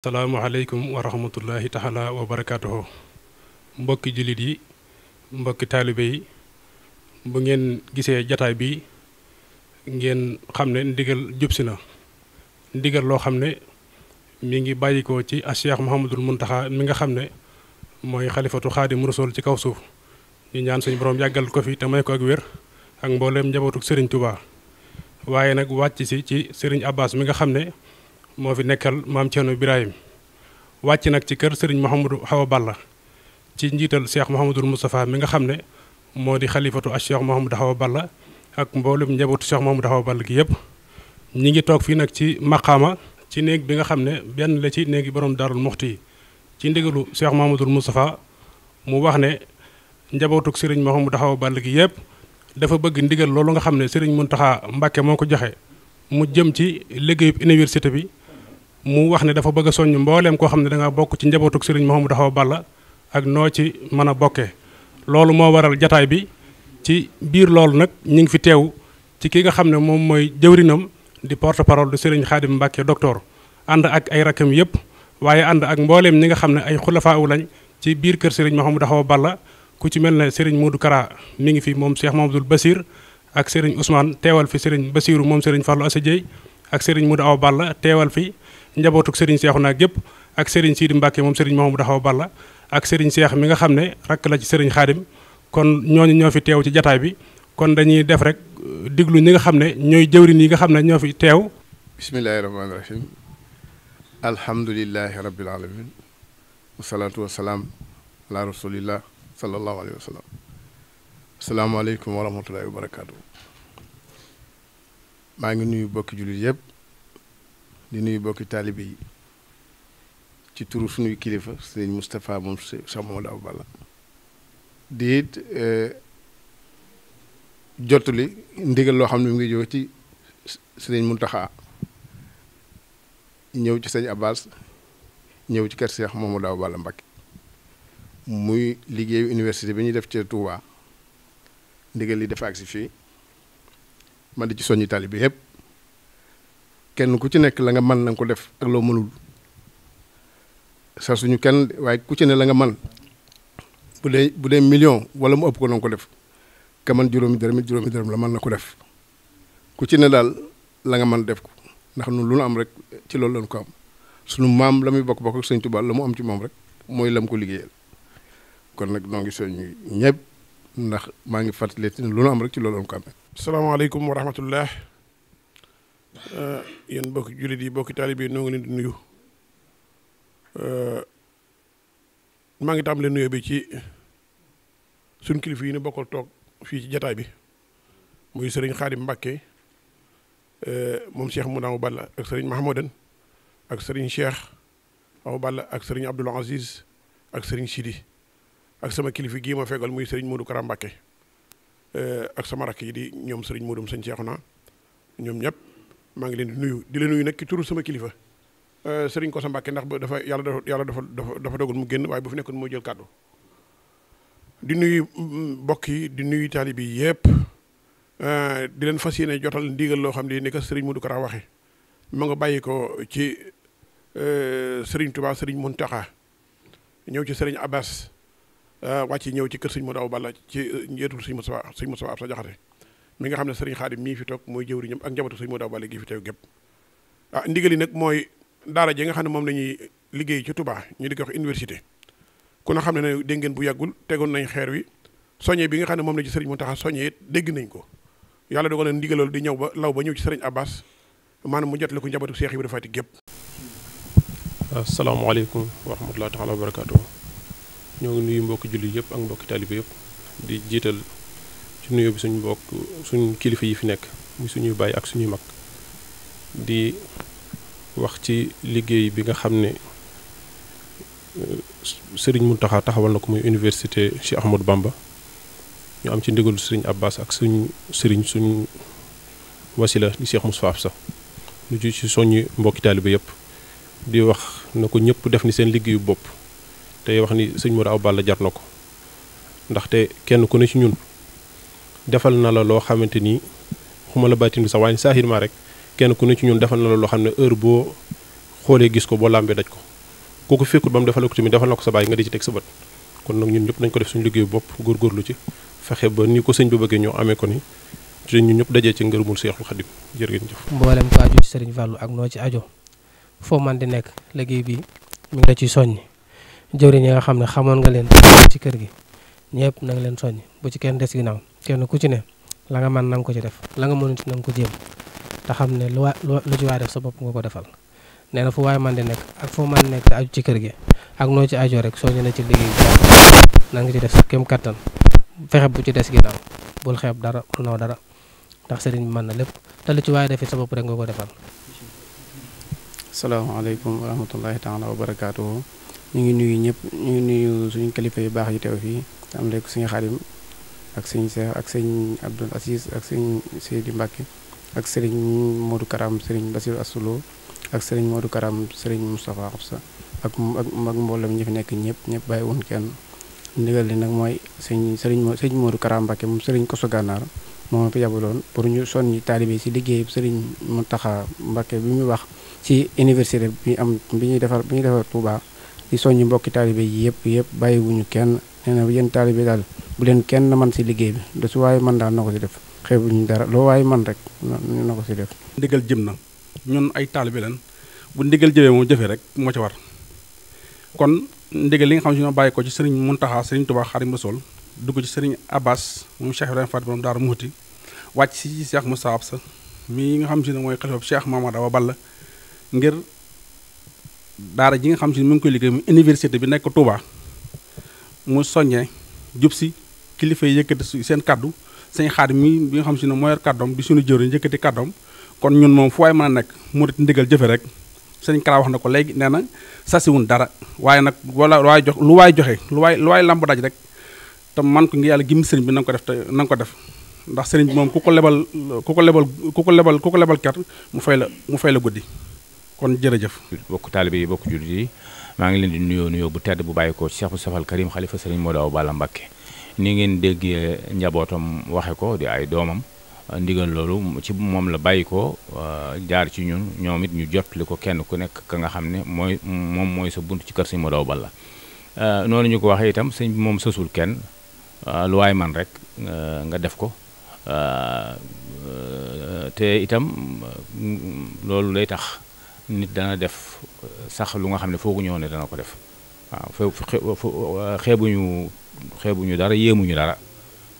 salaamaaleykum wa rahmatullahi taala wa barakaatuhu mbokki jullit yi mbokki taalibe yi bu ngeen gisee jataay bi ngeen xam ne ndigal jub si na ndigal loo xam ne mi ngi bàyyikoo ci a cheikh Mouhamadul Muntaxa mi nga xam ne mooy xalifatu xaadim rasul ci kaw suuf ñu ñaan suñu borom yàggal ko fi te may ko ak wér ak mbooleem njabootu sëriñ Touba waaye nag wàcc si ci sëriñ Abbas mi nga xam ne. moo fi nekkal maam Thierno Birahim wàcc nag ci kër Serigne Mouhamadou Awa Balla ci njiital Cheikh Mouhamadou Moustapha mi nga xam ne moo di xalifatu ak Cheikh Mouhamadou Awa Balla ak mboolem njabootu Cheikh Mouhamadou Awa Balla gi yëpp ñi ngi toog fii nag ci maqaama ci néeg bi nga xam ne benn la ci néegi boroom daarul muxti yi ci ndigalu Cheikh Mouhamadou Moustapha mu wax ne njabootuk Serigne Mouhamadou Awa Balla gi yëpp dafa bëgg ndigal loolu nga xam ne Serigne Mountakha Mbacké moo ko joxe mu jëm ci liggéeyub université bi mu wax ne dafa bëgg a soññ mbooleem koo xam ne da bokk ci njabootug sëriñ Mouhamadou Awa Balla ak noo ci mën a bokkee loolu moo waral jataay bi ci biir loolu nag ñu ngi fi teew ci ki nga xam ne moom mooy jëwrinam di porte parole du sëriñ Xaadim Mbàkke docteur ànd ak ay rakkam yëpp waaye ànd ak mbooleem ñi nga xam ne ay xulafaaw lañ ci biir kër sëriñ Mouhamadou Awa Balla ku ci mel ne sëriñ Modou Kara mi ngi fi moom Cheikh Mamadou Basir ak sëriñ Ousmane teewal fi sëriñ Basiru moom sëriñ Fallou Assa Dieye ak Serigne Modou Awa Balla teewal fi njabootuk Serigne Cheikhouna gépp ak Serigne Sidi Mbacke moom Serigne Mouhamadou Awa Balla ak Serigne Cheikh mi nga xam ne rakk la ci Serigne Khadim kon ñooñu ñoo fi teew ci jataay bi kon dañuy def rek euh, diglu ñi nga xam ne ñooy jëwrin yi nga xam ne ñoo fi teew bismillahi rahmaani rahim alhamdulilahi rabbil alamin wasalaatu wasalaam ala rasulillah sallallahu alayhi wa sallam wa rahmatullahi maa ngi nuyu bokki jullit yëpp di nuyu bokki taalibe yi ci turu suñuy kilifa sëriñ Moustapha moom Cheikh Mamadou Awa Balla di it eh, jottali ndigal loo xam ne mu ngi jóge ci sëriñ Mountakha ñëw ci sëñ Abbas ñëw ci kër Cheikh Mamadou Awa Balla Mbacké muy liggéeyu université bi ñuy def ci Touba ndigal li dafa agsi fii ma di ci soññi taalibe yépp kenn ku ci nekk la nga man na ko def ak loo mënul sa suñu kenn waaye ku ci ne la nga man bu dee bu dee million wala mu ëpp ko na ko def ka man juróomi dërëm juróomi dërëm la mën na ko def ku ci ne daal la nga man def ko ndax nun lu nu am rek ci loolu lañ ko am maam la muy bokk bokk ak sëñ Tuubaa mu am ci moom rek mooy lam ko liggéey kon nag noo ngi soññi ñëpp ndax maa ngi fàttali ne lu nu am rek ci loolu lañ ko amee salaamaaleykum wa rahmatullah eh, yéen bokki jullit yi bokki taalibe yi noo ngi leen di nuyu eh, maa ngi tàmbalee nuyoo bi ci suñ kilifa yi ñu bokkal toog fii ci jataay bi muy sëriñ Xaadim Mbàkke eh, moom Cheikh mu Balla ak sëriñ Mahmoudan ak sëriñ Cheikh Awa Balla ak sëriñ Abdoul Aziz ak sëriñ Sidi ak sama kilifa gii ma fegal muy sëriñ Modou Kara Eh, ak sama rakk yi di ñoom sëriñ Modou sëñ Cheikhouna ñoom ñëpp maa ngi leen di nuyu di leen nuyu nag ki turu sama kilifa eh, sëriñ Kosa Mbàkke ndax ba dafa yàlla dafa dafa dafa dogal mu génn waaye bu fi nekkoon moo jël kàddu di nuyu mm, mbokk yi di nuyu taalibe yi yëpp eh, di leen fas yéene jotal ndigal loo xam ne ni ko sëriñ ko Kara waxe ma nga bàyyi ko ci sëriñ Touba sëriñ Mountakha ñëw ci sëriñ Abbas Euh, wàcc ñëw ci kër sëñ Modou Awa Balla ci euh, njiitul sëñ Moussa sëñ Moussa Absa Jaxate mi nga xam ne sëriñ Xaadim mii fi toog mooy jëwriñam ak njabootu sëñ Modou Awa Balla gi fi teew gépp ah ndigal nag mooy daala ji nga xam ne moom ñuy liggéey ci tubaa ñu di ko wax université ku na xam ne ne dégg bu yàggul tegoon nañ xeer wi soñé bi nga xam ne moom la ci sëriñ Mountakha soñé it dégg nañ ko yàlla dogal na ndigal loolu di ñëw ba law ba ñëw ci sëriñ Abbas maanaam mu jotale ko njabootu Cheikh Ibrahima Fatick gépp asalaamaaleykum wa rahmatullahi taala wa barakatuh ñoo ngi nuyu mbokki julli yëpp ak mbokki taalibe yëpp di jiital ci nuyoo bi suñu mbokk suñ kilifa yi fi nekk suñuy bàyyi ak suñuy mag di wax ci liggéey bi nga xam ne euh, sëriñ Mountakha taxawal na ko muy université Cheikh Ahmadou Bamba ñu am ci ndigalu sëriñ Abbas ak suñ sëriñ suñ wasila di Cheikh Moustapha Absa lu ci soññi mbokki taalibe yëpp di wax na ko ñëpp def ni seen liggéeyu bopp tey wax ni sëñ Modou Awa Balla jar na ko ndaxte kenn ku ne ci ñun defal na la loo xamante ni xuma la baatin bi sax waaye saahir ma rek kenn ku ne ci ñun defal na la loo xam ne heure boo xoolee gis ko boo làmbee daj ko kooku fekkut ba mu defal ko tamit na ko sa baay nga di ci teg sa bët kon nag ñun ñëpp nañ ko def suñu liggéey bopp góorgóorlu ci fexe ba ni ko sëñ bi bëggee ñoo amee ko ni ci ñun ñëpp dajee ci ngërëmul Seexul Xadim jërë ngeen jëf mboolem ko aju ci Sëriñ Fàllu ak noo ci ajo jëwriñ yi nga xam ne xamoon nga leen ci kër gi ñëpp na leen soññ bu ci kenn des ginnaaw kenn ku ci ne la nga mën na ko ci def la nga mënut ci nga ko jéem te xam ne lu lu ci waay def sa bopp nga ko defal nee na fu waay man di nekk ak foo man nekk te ci kër gi ak noo ci ajoo rek soññ na ci liggéey na nga ci def sa kéem kattan fexe bu ci des ginnaaw bul xeeb dara bul dara ndax sëriñ bi mën na lépp te ci waay defit sa bopp rek nga ko defal. asalaamaaleykum wa rahmatullahi taala wa barakaatuhu ñu ngi nuyu ñëpp ñu nuyu suñu kilifa yu baax yi teew fii am rek suñu xarim ak sëñ Cheikh ak sëñ Abdoul Aziz ak sëñ Seydi Mbacke ak sëriñ moodu Karam sëriñ Basirou Assulo ak sëriñ Modou Karam sëriñ Moustapha Xabsa ak ak mag mboolem ñi fi nekk ñëpp ñëpp bàyyi woon kenn ndigal li nag mooy sëñ moo sëñ moodu Karam Mbacke moom sëriñ Koso Gànnaar moom fi yabaloon pour ñu soññi taalibe si liggéey mu Mountakha Mbacke bi muy wax ci université bi am bi ñuy defar bi ñuy defar Touba di soññi mbokki taalibe yi yëpp yëpp bàyyiwuñu kenn nee na yéen taalibe daal bu leen kenn man si liggéey bi da su waaye man daal na ko si def xeebuñu dara loo waaye man rek na ko si def ndigal jëm na ñun ay taalibe lan bu ndigal jëmee moom jëfee rek moo ci war kon ndigal li nga xam ne ñoo bàyyi ko ci sëriñ Muntaxa sëriñ Tuubaa Xaadimu Rasuul dugg ci sëriñ Abbas moom Cheikh Ibrahima Faty borom Daaru Muxti wàcc si Cheikh Moussa Absa mi nga xam si ne mooy xalifa Cheikh Mamadou Awa Balla ngir daara ji nga xam si mu ngi koy liggéey mu université bi nekk Touba mu soññee jub si kilifa yi yëkkati seen kàddu seen xaar mi bi nga xam si ne moo yor kàddoom di suñu jëriñ yëkkati kàddoom kon ñun moom fu waay mën a nekk murit ndigal jëfe rek sëñ Kara wax na ko léegi nee na sasiwun dara waaye nag wala waay jox lu waay joxe lu waay lu waay lamb daj rek te man ko ngi yàlla gim sëriñ bi na nga ko def na nga ko def ndax sëriñ bi moom ku ko lebal ku ko lebal ku ko lebal ku lebal ker mu fay la mu fay la guddi kon jërëjëf. bokk taalibe yi bokk jullit yi maa ngi leen di nuyoo nuyoo bu tedd bu bàyyi ko Cheikh Moustapha Al Karim xalifa sëriñ Modou Balla Mbacké ni ngeen déggee njabootam waxe ko di ay doomam ndigal loolu ci moom la bàyyi ko euh, jaar ci ñun ñoom it ñu jottali ko kenn ku nekk ka nga xam ne mooy moom mooy sa bunt ci kër sëriñ Modou Awa Balla euh, noonu ñu ko waxee itam sëñ moom sësul kenn euh, lu waaye man rek nga def ko te itam loolu lay tax nit dana def euh, sax lu nga xam ne fooguñoo ne dana ko def waaw fe euh, xeebuñu ñu dara yéemuñu dara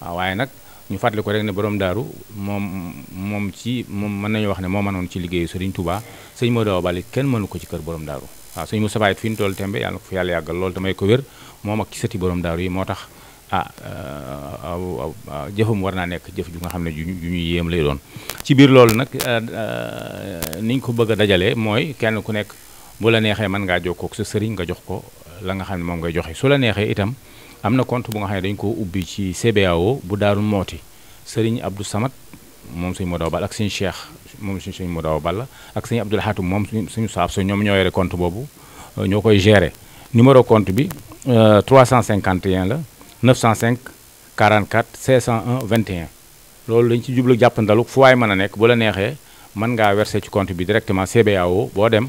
waaw waaye nag ñu fàttali ko rek ne borom daaru moom moom ci moom mën nañu wax ne moo mënoon ci liggéeyu Sëriñ Tuubaa sëñ Modou Awa Balla kenn mënu ko ci kër borom daaru waaw sëñ Moussa Baye fi ñu toll tembe yàlla na ko fi yàlla yàggal loolu damay ko wér moom ak ci sëti borom daaru yi moo tax ah euh, jëfam war naa nekk jëf ju nga xam ne ju ñuy yéem lay doon ci biir loolu nag euh, euh, niñ ko bëgg a dajalee mooy kenn ku nekk bu la neexee mën ngaa jokkoo ak sa sëriñ nga jox ko la nga xam ne moom ngay joxe su la neexee itam am na compte bu nga xam ne dañ ko ubbi ci CBAO bu Daaru Mooti sëriñ Abdou Samad moom suñ Modaw Ball ak suñu Cheikh moom suñu suñu Modaw Ball ak suñu Abdoul Hatum moom suñu saaf so ñoom ñoo yore compte boobu ñoo koy gérer numéro compte bi 351 la 905 44 501 21 loolu lañ ci jublu jàppandalu fu waay mën a nekk bu la neexee mën ngaa verser ci compte bi directement CBAO boo dem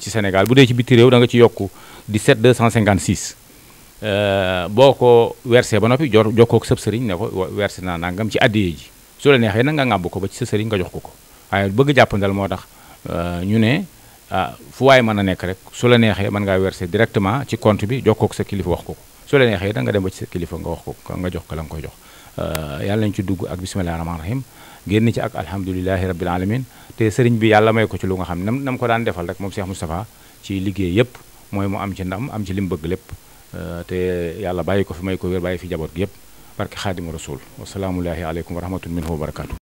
ci Sénégal bu dee ci biti réew da nga ci yokk 17 256 boo ko wersee ba noppi jor jokkoo ak sëb sëriñ ne ko versé naa nangam ci addiye ji su la neexee nag nga ŋàbb ko ba ci sa sëriñ nga jox ko ko waaye bëgg jàppandal moo tax euh, ñu ne ah, fu waay mën a nekk rek su la neexee mën ngaa versé directement ci compte bi jokkoo sa kilifa wax ko ko su la neexee nga dem ba ci kilifa nga wax ko nga jox ko la nga koy jox euh, yàlla nañu ci dugg ak bisimilah rahmaani génn ci ak alhamdulilahi rabbil alamin te sëriñ bi yàlla may ko ci lu nga xam ne nam ko daan defal rek moom Cheikh Moustapha ci liggéey yëpp mooy mu am ci ndam am ci li mu bëgg lépp euh, te yàlla bàyyi ko fi may ko wér bàyyi fi jaboot gi yëpp barke xaadimu rasul wasalaamullahi aleykum wa rahmatun minhu wa